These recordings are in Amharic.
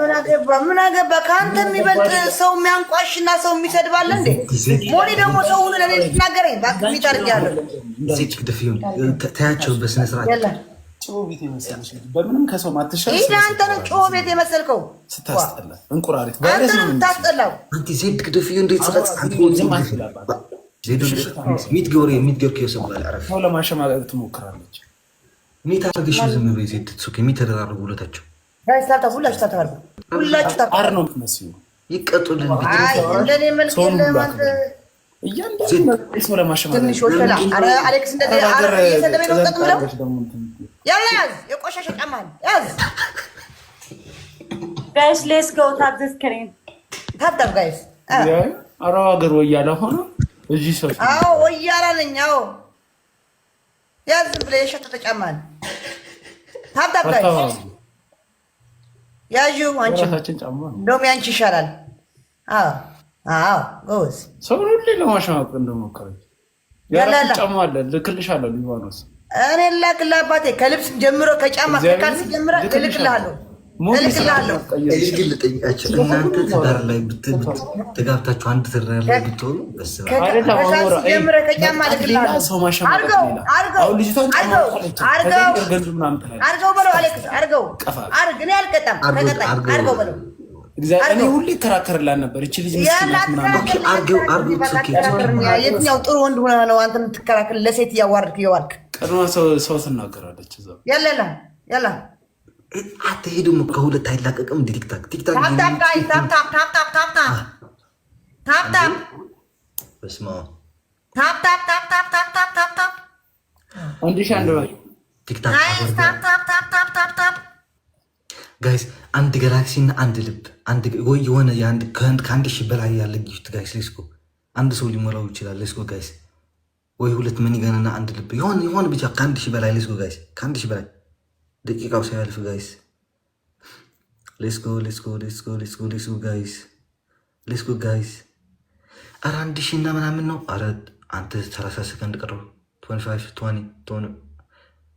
ምን አገባ ምን አገባ? ከአንተ የሚበልጥ ሰው የሚያንቋሽ እና ሰው የሚሰድባል እንዴ? ሞኒ ደግሞ ሰው ሁሉ ልትናገረኝ ተያቸው በምንም ከሰው ማትሻል። ይህ ቤት የመሰልከው ስታስጠላ እንቁራሪት ዜድ ግደፍዮ እንዴት ስረጽ ሚት ለማሸማቀቅ ትሞክራለች። ሚት ዝም በይ ዜድ የሚተደራረጉ ስታርታፕ ሁላችሁ ስታርታፕ ሁላችሁ አር ነው የምትመስሉ። ይቀጡልን እንደኔ መልክ ሀገር ወያላ ሆነ እዚህ ሰው ወያላ ነኝ። ያዝ ብለህ የሸጡ ተጫማል ታብታብ ጋይስ ያዩ አንቺ እንደውም ያንቺ ይሻላል። አዎ አዎ፣ ጎዝ ሰው ሁሌ ለማሸማቅ እንደሞከረች ጫማ አለ ልክልሻለሁ። ሊባኖስ እኔ ላክልህ አባቴ፣ ከልብስ ጀምሮ ከጫማ ከካልስ ጀምረ ልክልሃለሁ እናንተ ትዳር ላይ ተጋብታችሁ አንድ ትዳር ላይ ብትሆኑ እኔ ሁሌ ነበር። ልጅ የትኛው ጥሩ ወንድ ሆነ ነው አንተ የምትከራከር? ለሴት እያዋርድክ ቀድማ ሰው ትናገራለች። አትሄዱም። ከሁለት አይላቀቅም። ቲክታክ ቲክታክ ጋይስ አንድ ጋላክሲ እና አንድ ልብ ወይ የሆነ ከአንድ ሺህ በላይ ያለ ጊፍት ጋይስ ሌስኮ አንድ ሰው ሊሞላው ይችላል። ሌስኮ ጋይስ ወይ ሁለት አንድ ልብ የሆነ ብቻ ከአንድ ሺህ በላይ ሌስኮ ጋይስ ከአንድ ሺህ በላይ ደቂቃው ሳያልፍ ጋይስ ሌስ ጎ ሌስ ጎ ሌስ ጋይስ ሌስ ጋይስ። አረ አንድ ሺህ እና ምናምን ነው። አረ አንተ ሰላሳ ሰከንድ ቀረው።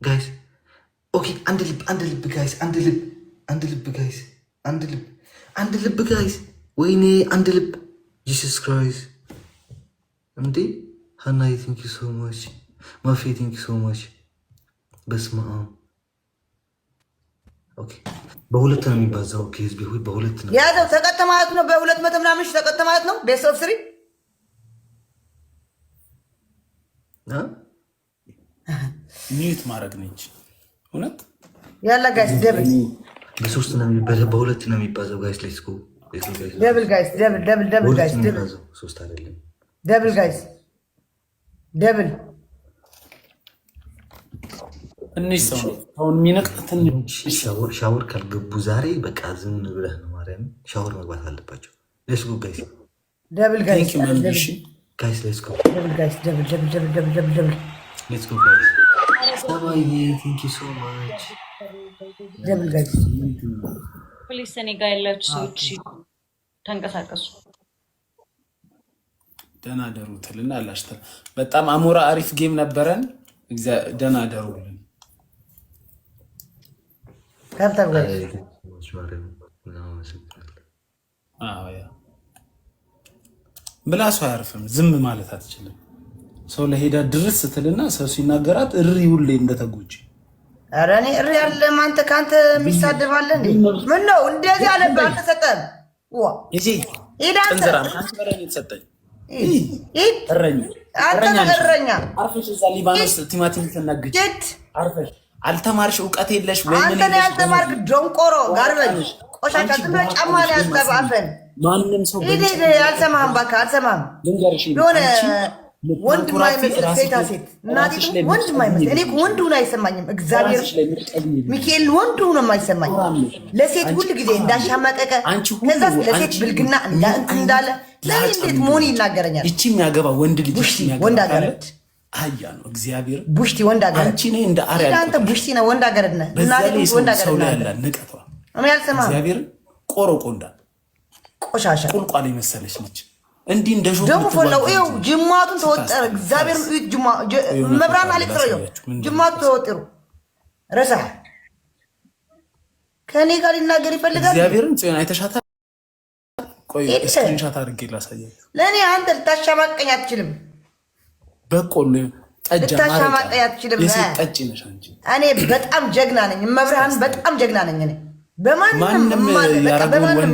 ጋይስ ኦኬ፣ አንድ ልብ አንድ ልብ ጋይስ፣ አንድ ልብ አንድ ልብ ጋይስ፣ አንድ ልብ አንድ ልብ ጋይስ። ወይኔ አንድ ልብ ጂሰስ ክራይስት እንዴ! ሃናይ ቴንክ ዩ ሶ ማች ማፌ ቴንክ ዩ ሶ ማች በስመ አብ በሁለት ነው የሚባዛው። ህዝብ ሆይ በሁለት ነው ያዘው። ተቀጥ ማለት ነው። በሁለት መቶ ምናምን ሺህ ተቀጥ ማለት ነው። ቤስ ስሪ ሚዩት ማድረግ ነች። እውነት ያለ ጋይስ ደብል በሶስት ነው የሚባለው፣ በሁለት ነው የሚባዛው። ጋይስ ሌትስ ጎ ደብል ጋይስ ደብል ደብል ደብል ጋይስ ደብል ሶስት አይደለም ደብል ጋይስ ደብል ትንሽ ሰው አሁን የሚነቅጥ ትንሽ ሻወር ካልገቡ ዛሬ በቃ ዝም ብለህ ነው ማርያም ሻወር መግባት አለባቸው ሌስ ጎ ጋይስ ደብል ጋይስ ሌስ ጎ ጋይስ ደብል ጋይስ ደብል ጋይስ እኔ ያላችሁ ሰዎች ተንቀሳቀሱ ደህና ደሩ ትልና አላሽተ በጣም አሞራ አሪፍ ጌም ነበረን ደህና ደሩልን ምላሱ አያርፍም። ዝም ማለት አትችልም። ሰው ለሄዳ ድርስ ስትልና ሰው ሲናገራት እሪ ሁሌ እንደተጎጂ ኧረ እኔ እሪ ያለ አንተ ከአንተ የሚሳደባለ ምን ነው እንደዚህ አለብህ አልተሰጠህም። እረኛ እረኛ አልተማርሽ እውቀት የለሽ ወይ? አንተ ነው ያልተማርክ ደንቆሮ ጋር በልሽ ቆሻሻ ጥንዶ ጫማ ላይ ያስተባፈን ማንም ሰው አልሰማህም። በቃ አልሰማህም። የሆነ ወንድ ማይመስል ሴታ ሴት እናቴ ወንድ ማይመስል እኔ ወንድ ሁን አይሰማኝም። እግዚአብሔር ሚካኤል ወንድ ሁን የማይሰማኝ ለሴት ሁል ጊዜ እንዳሻመቀቀ ከዛ ለሴት ብልግና እንዳለ ለእንዴት መሆን ይናገረኛል። ይቺ የሚያገባ ወንድ ልጅ ወንድ አገረድ አህያ ነው እግዚአብሔር ቡሽቲ ወንድ ሀገር አንቺ ነህ እንደ አርያ ቡሽቲ ነ ወንድ ሀገር ነህ። ሰው ላይ ያለ ንቀቷ እግዚአብሔር ቆሮቆንዳ ቆሻሻ ቁልቋል የመሰለች ነች። እንዲህ እንደ ደግሞ ፈለው ይው ጅማቱን ተወጠረ። እግዚአብሔር መብራን አሌጥረ ጅማቱ ተወጥሩ ረሳ ከእኔ ጋር ሊናገር ይፈልጋል። እግዚአብሔርን ጽዮን አይተሻታል። ቆይ ስክሪንሻት አድርጌ ላሳያችሁ። ለእኔ አንተ ልታሸማቀኝ አትችልም። በቆሎ ጠጅ እኔ በጣም ጀግና ነኝ። መብርሃን በጣም ጀግና ነኝ። እኔ በማንም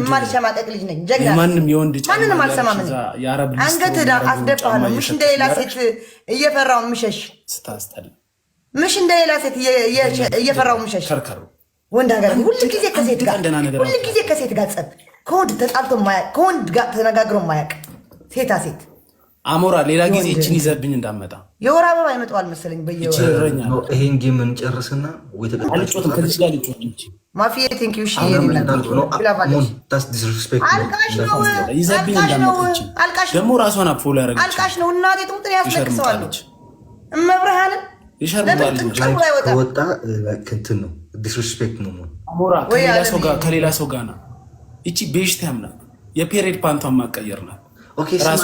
የማልሸማቀቅ ልጅ ነኝ። ጀግና ማንንም አልሰማም። አንገት ዳ ምሽ እንደሌላ ሴት እየፈራው ምሸሽ ምሽ እንደሌላ ሴት እየፈራው ምሸሽ ወንድ ሀገር ሁል ጊዜ ከሴት ጋር ሁል ጊዜ ከሴት ጋር ጸብ ከወንድ ተጣልቶ ማያቅ ከወንድ ጋር ተነጋግሮ ማያቅ ሴታ ሴት አሞራ ሌላ ጊዜ እችን ይዘብኝ እንዳመጣ የወር አበባ ይመጣዋል መሰለኝ። በየይህን ጌም እንጨርስና ማፊዬ ደግሞ ራሷን አፎ ያደረገች አልቃሽ ነው። እናቴ ትሙትን ያስለቅሰዋለች። እመብርሃንን ወጣ እንትን ነው ዲስሪስፔክት ነው። አሞራ ከሌላ ሰው ጋር ነው። እቺ ቤሽታ ያምናት የፔሬድ ፓንቷን ማቀየር ናት ራሷ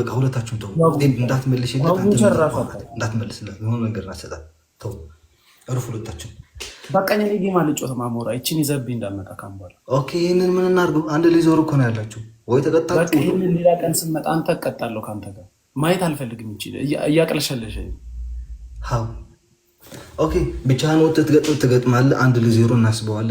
በቃ ሁለታችሁም ተው። እንዳትመልሽለት እንዳትመልስለት የሆነ ነገር ናሰጣት ተው። እርፍ ሁለታችሁ በቃ እኔ ጌም አልጮትም። አሞራ ይችን ይዘብኝ እንዳመጣ ካምቧል። ኦኬ ይህንን ምን እናድርገው? አንድ ላይ ዞር እኮ ነው ያላችሁ ወይ ተቀጣችሁ። ይህንን ሌላ ቀን ስመጣ አንተ እቀጣለሁ። ከአንተ ጋር ማየት አልፈልግም። ይች እያቅለሸለሸ ሀው ኦኬ። ብቻህን ወጥተህ ትገጥማለህ። አንድ ላይ ዜሮ እናስበዋለን።